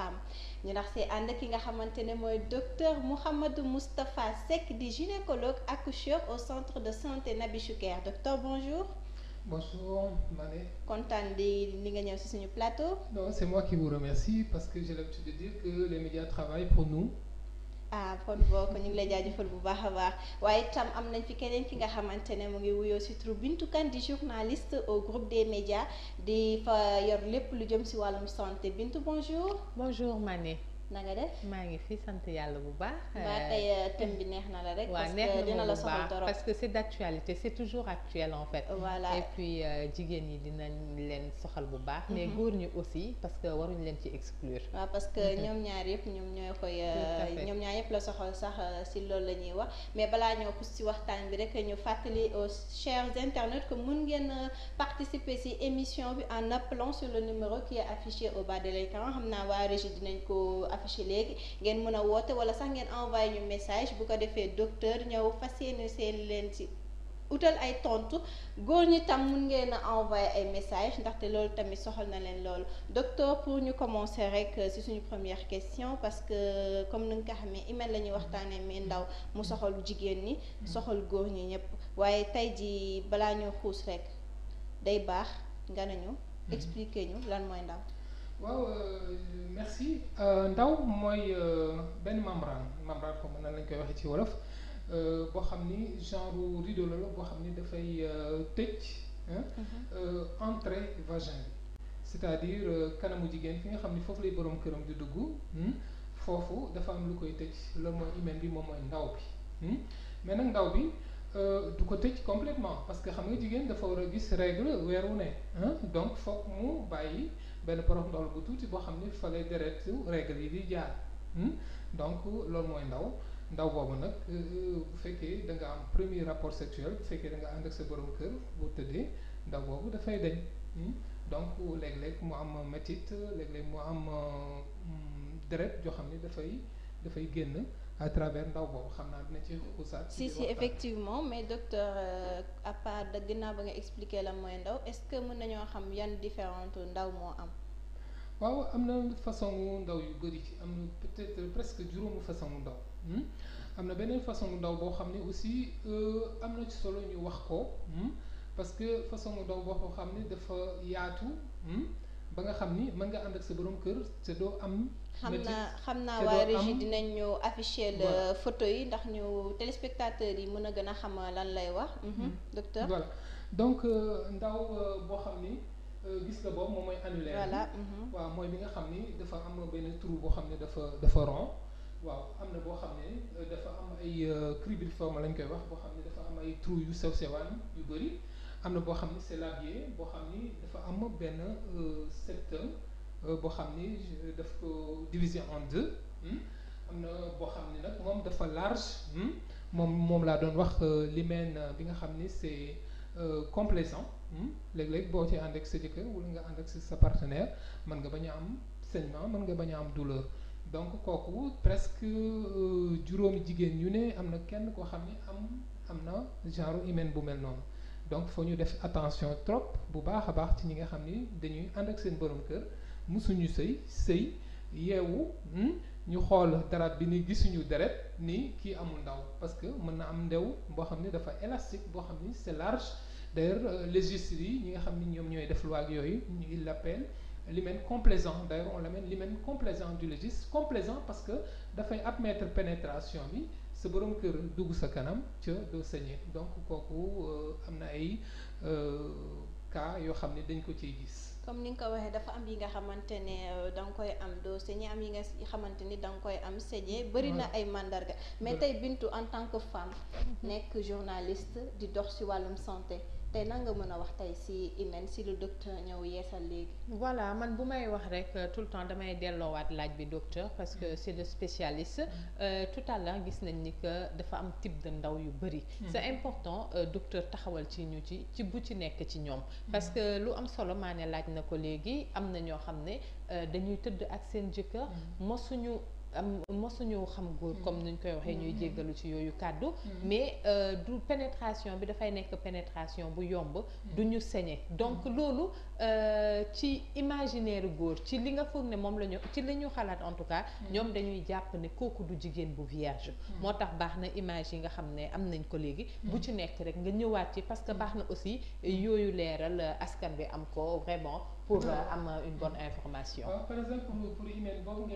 femmes ñu ndax see ànd ki nga xamante ne mooy docteur Mouhamadou Moustapha Seck di gynécologue accoucheur au centre de santé Nabi Choucair docteur bonjour. Bonjour Mané. Content de venir sur ce plateau. Non, c'est moi qui vous remercie parce que j'ai l'habitude de dire que les médias pour nous. ah kon bokk ñu ngi lay jaajëfal bu baax a baax waaye itam am nañ fi keneen ki nga xamante ne mu ngi wuyoo si turu Bintou Kane di journaliste au groupe des médias di fa yor lépp lu jëm si wàllum santé Bintou bonjour. bonjour Mané. na nga maa ngi fi sant yàlla bu baax. mbaa tey euh, thème bi neex na la rek. Euh, parce que dina la soxal trop parce que c'est d'actualité c'est toujours actuel en fait. voilà et puis euh, jigéen ñi dinañ leen soxal bu baax. mais mhm. góor ñi aussi parce que waruñu leen ci exclure. waaw parce que mhm. ñoom ñaar yëpp ñoom ñëpp la soxal sax euh, si loolu la ñuy wax mais balaa ñoo pus si waxtaan bi rek ñu fàttali aux chers internautes que mun ngeen euh, participer si émission bi en appelant sur le numéro qui est affiché au bas de l'écran xam naa waa régie dinañ ko affiché léegi ngeen mën a woote wala sax ngeen envoyé ñu message bu ko defee docteur ñëw fas seen leen si utal ay tontu góor ñi tam mun ngeen a envoyé ay message ndaxte loolu tamit soxal na leen loolu docteur pour ñu commencer rek euh, ci suñu première question parce que euh, comme ni nga ko xamee email la ñuy waxtaanee mi ndaw mu soxal jigéen ñi soxal góor ñi ñëpp waaye tey jii balaa ñoo xuus rekk day baax nga nañu mhm. expliquer ñu lan mooy ndaw waaw euh, merci ndaw mooy benn membrane membrane comme nan lañ koy waxee ci wolof %e boo xam ni genre :fra rideau :fra la boo xam ni dafay %e tëj ah %e entrée :fra vagin à dire kanamu jigéen fi nga xam ni foofu lay boroom këram di dugg hmm? foofu dafa am lu koy tëj loolu mooy hymen bi moom mooy ndaw bi %hum mais nag ndaw bi %e du ko tëj complètement :fra parce que xam nga jigéen dafa war a gis règle :fra weer wu ne ah donc :fra mu bàyyi benn porox ndol bu tuuti boo xam ni fa lay deretu règle yi di jaar hmm? donc loolu mooy ndaw ndaw boobu nag euh, euh, bu fekkee danga nga am premier rapport :fra sexuel bu fekkee da nga ànd ak sa borom kër boo tëddee ndaw boobu dafay deñ %hum donc :fra léeg mu am metit léeg-léeg mu am %e deret joo xam ne dafay dafay génn à travers :fra ndaw boobu xam naa dinañ ci xuusaat ci si effectivement bi docteur :fra euh, %e à :fra ba nga expliquer :fra lan mooy ndaw est :fra que mën nañoo xam yan différence :fra ndaw moo am waaw am na façon ndaw yu bëri am na peut :fra être presque :fra juróomi façon :fra ndaw %hum am na beneen façon :fra ndaw boo xam ne aussi %e am na solo ñu wax ko %hum parce que façon :fra ndaw boo xam ne dafa yaatu hmm? ba nga xam ni mën nga ànd ak sa borom kër te doo am xam yi ndax métit te doo am voilà :fra voilà :fra donc :fra euh, ndaw %e boo xam ni gis nga boobu moom mooy annulaire bi mhm. waaw mooy bi nga xam ni dafa am benn trou :fra boo xam ne dafa dafa waaw am na boo xam ne euh, dafa am ay %e euh, cribriforme :fra lañ koy wax boo xam ne dafa am ay trous yu sew sewaan yu bëri am na boo xam ni c' :fra est :fra labié boo xam ni dafa am benn %e euh, secteur boo xam ni daf ko diviser en :fra deux hmm. am na boo xam ne nag moom dafa large hmm. moom laa doon wax %e limène :fra bi nga xam ni c' est %e complaisant hmm. léeg-léeg boo ci àndeeg sa jëkkër wala nga ànd ak sa partenaire :fra mën nga bañ a am saignement :fra mën nga bañ a am douleur donc kooku presque euh, juróomi jigéen ñu ne am na kenn koo xam ni am am na genre hymen bu mel noonu donc foo ñu def attention trop bu baax a baax ci ñi nga xam ni dañuy ànd ak seen borom kër musuñu sëy sëy yeewu hmm, ñu xool deret bi ni gisuñu deret ni kii amul ndaw parce que mën na am ndew boo xam ne dafa élastique boo xam ni c'est large d'ailleurs euh, légistes yi ñi nga xam ni ñoom ñooy def loi yooyu ñu il l'appelle l'hymen complaisant d'ailleurs on l'amène l'hymen complaisant du légiste complaisant parce que dafay admettre pénétration bi sa borom kër dugg sa kanam ca doo sañee donc kooku euh, am na ay euh, cas yoo xam ne dañ ko ciy gis. comme ni nga ko waxee dafa am yi nga xamante ne euh, da nga koy am doo sañee am yi nga xamante ni da koy am sañee. bëri na ay mandarga mais tey Bintu en tant que femme. nekk journaliste di dox ci wàllum santé. tey nan nga mën a wax tey si INEN si lu docteur ñëw yeesal léegi. voilà man bu may wax rek euh, tout le temps damay delloowaat laaj bi docteur parce que c'est le spécialiste euh, tout à l'heure gis nañ ni que dafa am type ndaw yu bëri. Hmm. c'est important euh, docteur taxawal ci ñu ci ci bu ci nekk ci ñoom. Hmm. parce que lu am solo maa laaj na ko léegi am na ñoo xam ne euh, dañuy tëdd ak seen jëkkër hmm. mosuñu. am mosuñu xam góor comme mm. nuñ koy waxee ñuy mm-hmm. jéggalu ci yooyu kàddu mm-hmm. mais euh, du pénétration bi dafay nekk pénétration bu yomb mm-hmm. du ñu sañe donc loolu euh, ci imaginaire góor ci li nga foog ne moom la ci li xalaat en tout cas ñoom dañuy jàpp ne kooku du jigéen bu vierge moo tax baax na image yi nga xam ne am nañ ko léegi bu ci nekk rek nga ñëwaat ci parce que baax na aussi yooyu leeral euh, askan bi am ko vraiment pour euh, am une bone information par exemple pour email boobu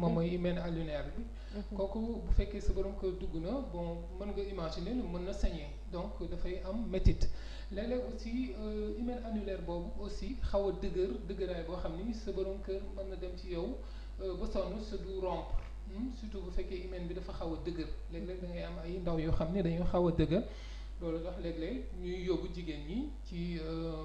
moom mooy mhm. mel ne bi. Mhm. kooku bu fekkee sa borom kër dugg na bon mën nga imaginer ne mën na sañee donc dafay am métit léeg-léeg aussi euh, hymen annulaire boobu aussi xaw a dëgër dëgëraay boo xam ni sa borom kër mën na dem ci yow euh, ba sonn sa du rompre hmm? surtout bu fekkee hymen bi dafa xaw a dëgër léeg-léeg da am ay ndaw yoo xam ne dañoo xaw a dëgër loolu tax léeg-léeg ñuy yóbbu jigéen ñi ci euh,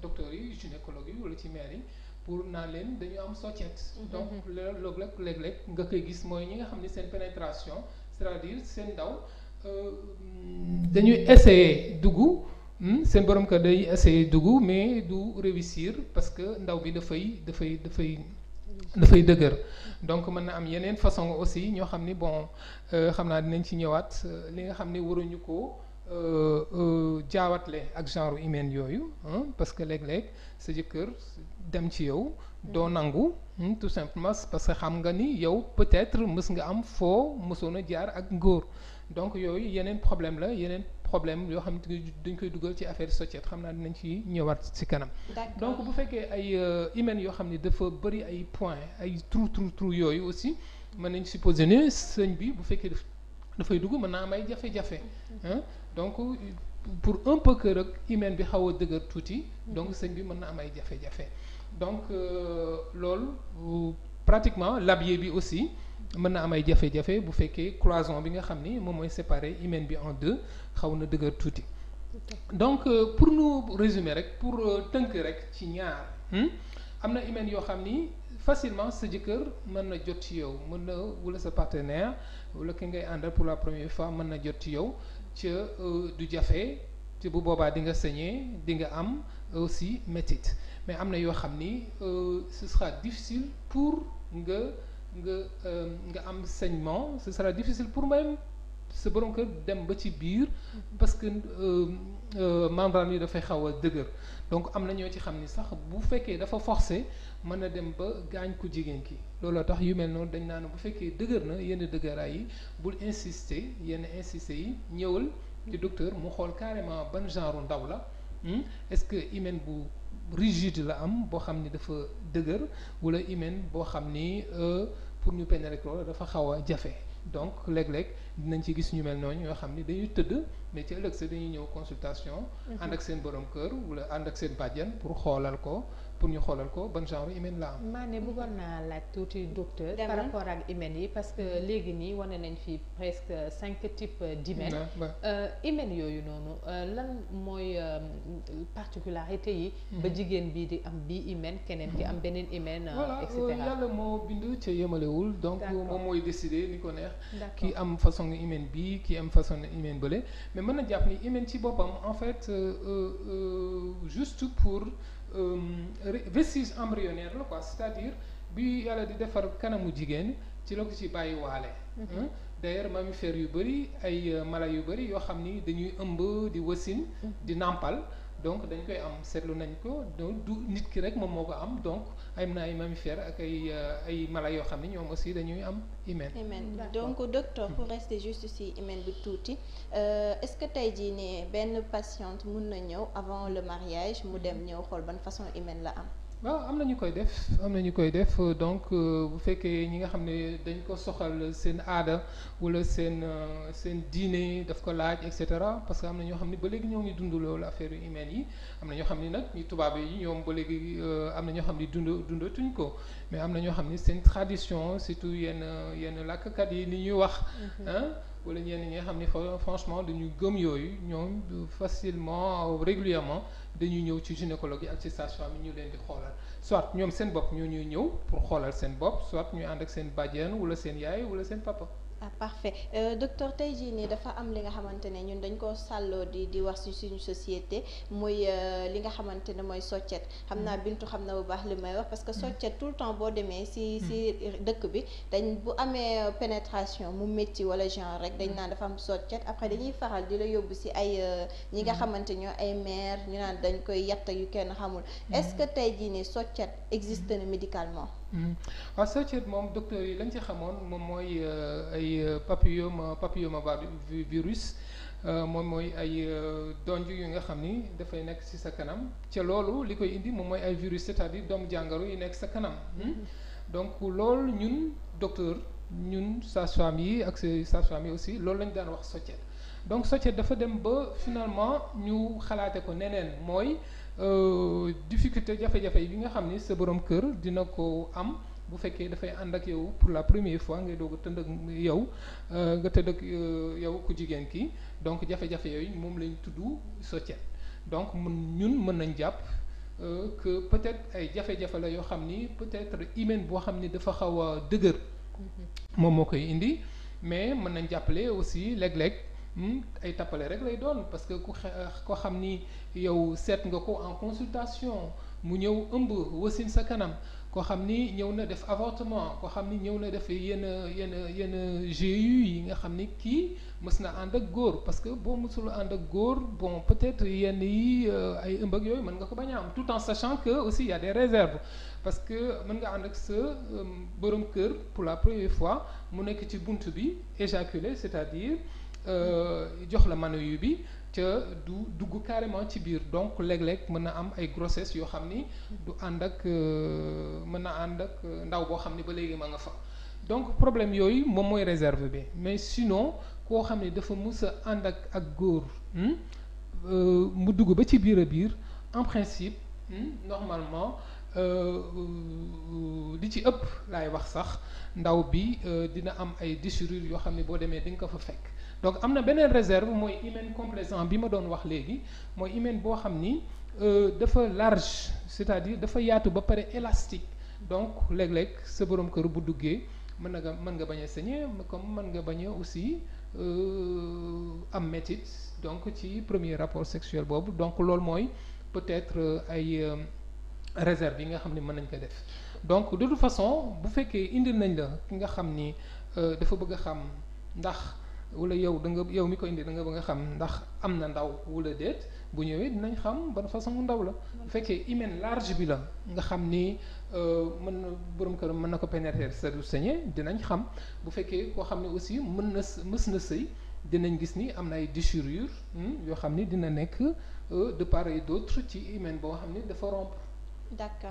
docteurs yi gynécologue yi wala ci mère yi. pour naan leen dañu am soccet. Mhm. donc loolu léeg-léeg nga koy gis mooy ñi nga xam ne seen pénétration cest à seen ndaw euh, dañuy essayer duggu hmm, seen borom kër day essayer duggu mais du réussir parce que ndaw bi dafay dafay dafay dafay dëgër donc mën na am yeneen façon aussi ñoo xam ni bon euh, xam naa dinañ ci ñëwaat euh, li nga xam ni waruñu ko. Euh, euh, jaawatle ak genre humaine yooyu parce que léeg-léeg sa jëkkër dem ci yow doo mm-hmm. nangu hmm, tout simplement parce que xam nga ni yow peut-être mës nga am foo mësoon a jaar ak ngóor donc yooyu yeneen problème la yeneen problème yoo xam ni dañ koy dugal ci affaire société xam naa dinañ ci ñëwaat ci kanam donc bu fekkee ay euh, humaine yoo xam ne dafa bëri ay point ay trou trou trou yooyu aussi mën nañ supposer ne sëñ bi bu fekkee dafay dugg mën naa am ay jafe-jafe donc pour un peu que rek hymen bi xaw a dëgër tuuti. donc mhm. sëñ bi mën na am ay jafe-jafe. donc euh, loolu pratiquement labier bi aussi. mën na am ay jafe-jafe bu fekkee croison bi nga xam ni moom mooy séparer hymen bi en deux xaw na dëgër tuuti. donc euh, pour nous résumer rek pour euh, tënk rek ci ñaar hmm, am na hymen yoo xam ni facilement sa jëkkër mën na jot ci yow mën na wala sa partenaire wala ki ngay àndal pour la première fois mën na jot ci yow ca euh, du jafe te bu boobaa di nga sañee di nga am aussi métit mais am na yoo xam ni euh, ce sera difficile pour nga nga euh, nga am saignement ce sera difficile pour même sa borom kër dem ba ci biir parce que membrane yi dafay xaw a dëgër donc am na ñoo ci xam ni sax bu fekkee dafa forcé mën na dem ba gaañ ku jigéen ki looloo tax yu mel noonu dañ naan bu fekkee dëgër na yenn dëgëraay yi bul insister yenn insister yi ñëwal ci docteur mu xool carrément ban genre ndaw la hmm? est-ce que hymen bu rigide la am boo xam ni dafa dëgër wala hymen boo xam ni euh, pour ñu pénétrer loolu dafa xaw a jafe donc léeg-léeg dinañ ci gis ñu mel noonu ñoo xam ni dañuy tëdd mais ci ëllëg sa dañuy ñëw consultation mhm. ànd ak seen borom kër wala ànd ak seen bàjjan pour xoolal ko pour ñu xoolal ko ban genre hymen la am. maa ne bëggoon naa laaj tuuti docteur. par ak hymen yi parce que mhm. léegi nii wane nañ fi presque cinq types d'hymen. Euh, hymen yooyu noonu euh, lan mooy euh, particularité yi. ba mhm. jigéen bii di am bii hymen keneen ki am mhm. beneen hymen. et yàlla moo bind ca yemalewul. donc moom mooy décider ni ko neex. ki am façon hymen bii ki am façon hymen bële mais mën na jàpp ni hymen ci boppam en fait euh, juste pour. vestige euh, embryonnaire la quoi c'est-à-dire bi yàlla di defar kanamu jigéen ci la ko ci bàyyi waale mhm. d'ailleurs mammifères yu bëri ay euh, mala yu bëri yoo xam ni dañuy ëmb di wasin mhm. di nàmpal donc dañ koy am seetlu nañ ko du nit ki rek moom moo ko am donc am na ay mammifères ak ay euh, ay mala yoo xam ne ñoom aussi dañuy am hymen. hymen donc docteur pour rester juste si hymen bi tuuti euh, est-ce que tey jii ne benn patiente mun na ñëw avant le mariage mu dem ñëw xool ban façon hymen la am. waaw am na ñu koy def am na ñu koy def donc euh, bu fekkee ñi nga xam ne dañ ko soxal seen aada wala seen euh, seen diine daf ko laaj et cetera parce que am na ñoo xam ne ba léegi ñoo ngi dund loolu affaire humaine yi am na ñoo xam ni nag ñu tubaab yi ñoom ba léegi euh, am na ñoo xam ne dund dundatuñ ko mais am na ñoo xam ne seen tradition surtout yenn yenn làkkat yi ni ñuy wax mhm. wala ñenn ñi nga xam ni franchement dañu gëm yooyu ñoom facilement régulièrement dañuy ñëw ci gynécologue yi ak ci sage-femme yi ñu leen di xoolal soit ñoom seen bopp ñoo ñuy ñëw pour xoolal seen bopp soit ñu ànd ak seen bàjjen wala seen yaay wala seen papa. ah parfait euh, docteur tey jii nii dafa am li nga xamante ne ñun dañ koo sàlloo di di wax ci suñu société muy euh, li nga xamante ne mooy soccet xam naa mm-hmm. bintu xam na bu baax li may parce que mm-hmm. soccet tout le temps boo demee ci mm-hmm. ci dëkk bi dañ bu amee euh, pénétration mu métti wala genre rek dañ naan dafa am soccet après dañuy faral di la yóbbu ci ay euh, ñi nga xamante ñoo ay mère ñu naan dañ koy yatt yu kenn xamul est-ce jii nii soccet cat existe na médicalement. waaw sëcet moom docteur yi lañ ci xamoon moom mooy ay papiyo ma papilloma papilloma virus moom mooy ay donj yu nga xam ni dafay nekk ci sa kanam ca loolu li koy indi moom mooy ay virus c'est-à-dire doomu jàngoro yi nekk sa kanam. Hmm? Hmm. donc lool ñun docteur ñun sage-femme yi ak sage-femme yi aussi loolu lañ daan wax sëcet donc sëcet dafa dem ba finalement ñu xalaate ko neneen mooy. Euh, difficulté jafe-jafe yi nga xam ni sa borom kër dina ko am bu fekkee dafay ànd ak yow pour la première fois ngay doog a tënd ak yow euh, nga tëdd ak euh, yow ku jigéen ki donc jafe-jafe yooyu moom lañ tudd société donc mun ñun mën nañ jàpp que peut-être ay jafe-jafe la yoo xam ni peut-être hymen boo xam ni dafa xaw a dëgër mm-hmm. moom moo koy indi mais mën nañ jàppale aussi léeg-léeg Hmm? ay tappale rek lay doon parce que ko xe euh, ko xam ni yow seet nga ko en consultation mu ñëw ëmb wasin sa kanam koo xam ni ñëw na def avortement koo xam ni ñëw na def yenn yenn yenn GU yi nga xam ni kii mës na ànd ak góor parce que boo mosul ànd ak góor bon peut-être yenn yi euh, ay ëmb ak yooyu mën nga ko bañ am tout en sachant que aussi y des réserves parce que mën nga ànd ak sa euh, borom kër pour la première fois mu nekk ci bunt bi éjaculer c'est-à-dire Euh, jox la manuyu bi ca du dugg carrément ci biir donc léeg-léeg mën na am ay grossesse yoo xam ni du ànd ak euh, mën na ànd ak ndaw boo xam ni ba léegi ma nga fa donc problème yooyu moom mooy réserve bi mais sinon koo xam ne dafa mus a ànd ak ak góor hmm, euh, mu dugg ba ci biir a biir en principe hmm, normalement li ci ëpp laay wax sax ndaw bi dina am ay déchirure yoo xam ne boo demee di nga ko fa fekk donc am na beneen réserve mooy hymen complaisant bi ma doon wax léegi mooy hymen boo xam ni euh, dafa large c'est-à-dire dafa yaatu ba pare élastique donc léeg-léeg sa borom kër bu duggee mën na nga mën nga bañ a saigner comme mën nga bañ a aussi euh, am métit donc ci premier rapport sexuel boobu donc loolu mooy peut-être euh, ay réserve yi nga xam ne mën nañ ko def donc de toute façon bu fekkee indil nañ la ki nga xam ni dafa bëgg a xam ndax wala yow da nga yow mi ko indi da nga bëgg a xam ndax am na ndaw wala déet bu ñëwee dinañ xam ba ban façon ndaw la mm-hmm. bu fekkee hymen large bi la nga xam ni euh, mën na borom këram mën na ko pénétrer sa du sañee dinañ xam bu fekkee koo xam ne aussi mën na mës na sëy dinañ gis ni am na ay déchirure hmm, yoo xam ni dina nekk euh, de part et d'autre ci hymen boo xam ni dafa rompre d'accord